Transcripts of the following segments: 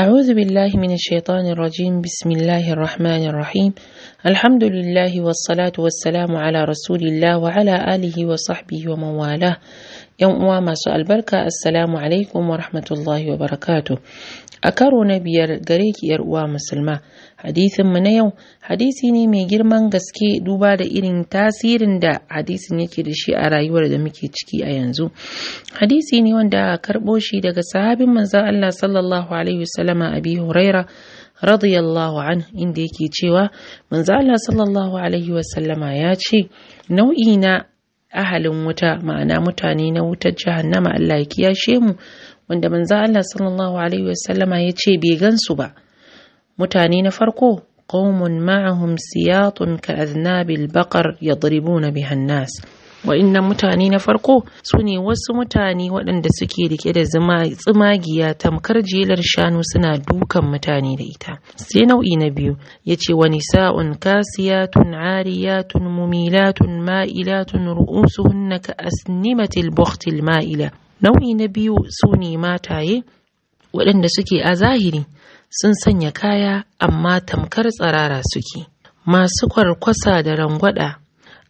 أعوذ بالله من الشيطان الرجيم بسم الله الرحمن الرحيم الحمد لله والصلاة والسلام على رسول الله وعلى آله وصحبه ومن والاه يوم سؤال بركة السلام عليكم ورحمة الله وبركاته wa barakatu a karo na Hadisinmu na yau hadisi ne mai girman gaske duba da irin tasirin da hadisin yake da shi a rayuwar da muke ciki a yanzu. Hadisi ne wanda karɓo shi daga sahabin manza Allah sallallahu alaihi wasallama Abi Huraira radiyallahu an inda yake cewa manza Allah sallallahu alaihi wasallama ya ce nau'i na ahalin wuta ma'ana mutane na wutar jahannama Allah ya kiyashe mu wanda manza Allah sallallahu alaihi wasallama ya ce bai gansu ba mutane na farko qaumun ma'ahum siyatun ka aznabil baqar yadribuna bihan nas wa'innan mutane na farko su ne wasu mutane waɗanda suke rike da tsimagiya tamkar jelar shanu suna dukan mutane da ita sai nau'i na biyu ya ce wa nisa'un kasiyatun ariyatun mumilatun ma'ilatun ru'usuhunna ka asnimatil buhtil ma'ila nau'i na biyu su ne mataye waɗanda suke a zahiri sun sanya kaya amma tamkar tsarara suke masu kwarkwasa da rangwada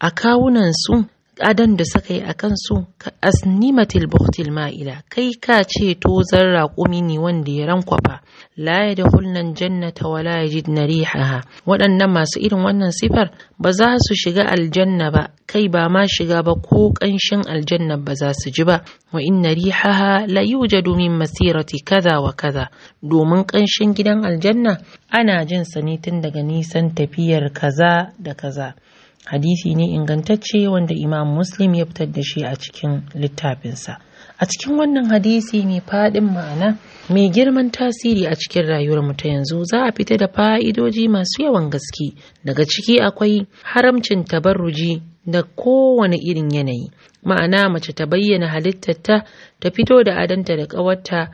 a kawunansu adon da suka yi a kansu ka asnimatil buhtil ma'ila kai ka ce tozar raƙumi ne wanda ya rankwafa la ya da hulnan jannata wa la yajid narihaha waɗannan masu irin wannan sifar ba za su shiga aljanna ba kai ba ma shiga ba ko ƙanshin aljanna ba za su ji ba wa in rihaha la yujadu min masirati kaza wa kaza domin ƙanshin gidan aljanna ana jin sa ne tun daga nisan tafiyar kaza da kaza hadisi ne ingantacce wanda imam muslim ya fitar da shi a cikin littafinsa a cikin wannan hadisi mai faɗin ma'ana mai girman tasiri a cikin rayuwarmu ta yanzu za a fita da fa'idoji masu yawan gaske daga ciki akwai haramcin tabarruji da kowane irin yanayi ma'ana mace ta bayyana halittarta ta fito da adanta da ƙawarta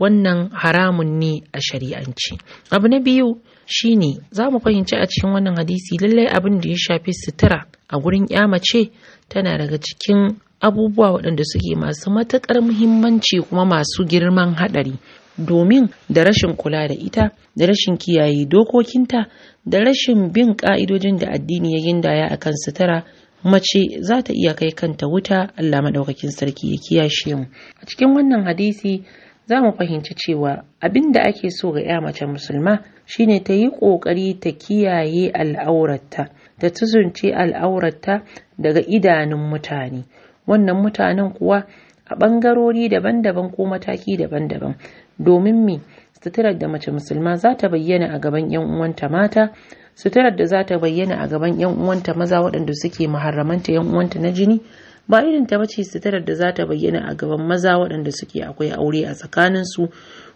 wannan haramun ne a shari'anci abu na biyu shine za mu fahimci a cikin wannan hadisi lallai abin da ya shafi sutura a gurin ya mace tana daga cikin abubuwa waɗanda suke masu matuƙar muhimmanci kuma masu girman haɗari domin da rashin kula da ita da rashin kiyaye dokokinta da rashin bin ƙa'idojin da addini ya gindaya a kan sutura mace za ta iya kai kanta wuta Allah maɗaukakin sarki ya kiyashe mu a cikin wannan hadisi za mu fahimci cewa abin da ake so ga 'ya mace musulma shine ta yi ƙoƙari ta kiyaye al'aurata, ta tuzunce al'aurata daga idanun mutane wannan mutanen kuwa a ɓangarori daban-daban ko mataki daban-daban domin me suturar da mace musulma za ta bayyana a gaban 'yan uwanta mata suturar da za ta bayyana a gaban 'yan uwanta maza waɗanda suke muharramanta 'yan uwanta na jini ba irin ta mace sitarar da za ta bayyana a gaban maza waɗanda suke akwai aure a su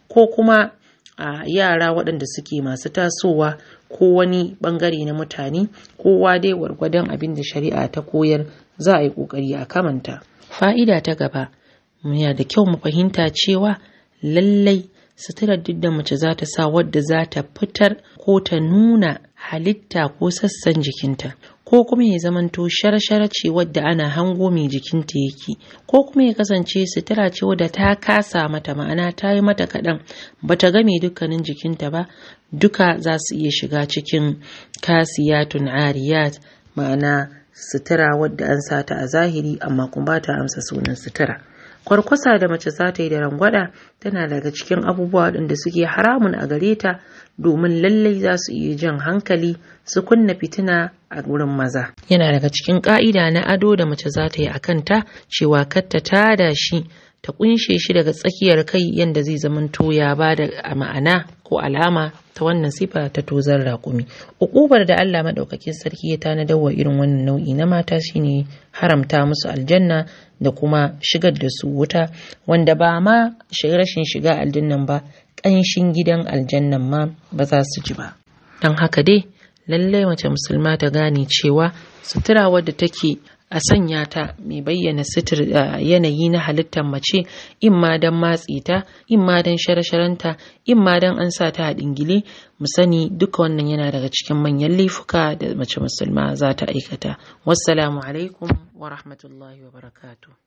ko kuma a yara waɗanda suke masu tasowa ko wani ɓangare na mutane kowa dai wargwadon abin da shari'a ta koyar za a yi ƙoƙari a kamanta fa'ida ta gaba muna da kyau mu fahimta cewa lallai suturar duk da mace za ta sa wadda za ta fitar ko ta nuna halitta ko sassan jikinta ko kuma ya zamanto sharshara ce wadda ana hango mai jikinta yake ko kuma ya kasance sutura ce wadda ta kasa mata ma'ana ta yi mata kaɗan ba bata game dukkanin jikinta ba duka za su iya shiga cikin kasiyatun ariyat ma'ana sutura wadda an sata a zahiri amma kuma ba ta amsa sunan sutura. kwarkwasa da mace za ta yi da rangwada tana daga cikin abubuwa waɗanda suke haramun a gare ta domin lallai za su iya jan hankali su kunna fitina a wurin maza yana daga cikin ƙa'ida na ado da mace za ta yi a kanta cewa kar ta tada shi ta kunshe shi daga tsakiyar kai yadda zai zamanto ya ba da ma'ana ko alama ta wannan sifa ta tozar raƙumi. Ukubar da Allah maɗaukakin sarki ya tanadar wa irin wannan nau'i na mata shine haramta musu aljanna da kuma shigar da su wuta wanda ba ma rashin shiga aljannan ba ƙanshin gidan aljannan ma ba za su ji ba. Don haka dai lallai mace musulma ta gane cewa sutura wadda take a sanya ta mai bayyana sitir yanayi na halittar mace in ma don matsi ta in ma don shara-sharanta in ma don an sa ta a dingili mu sani duka wannan yana daga cikin manyan laifuka da mace musulma za ta aikata wassalamu alaikum wa rahmatullahi wa barakatuh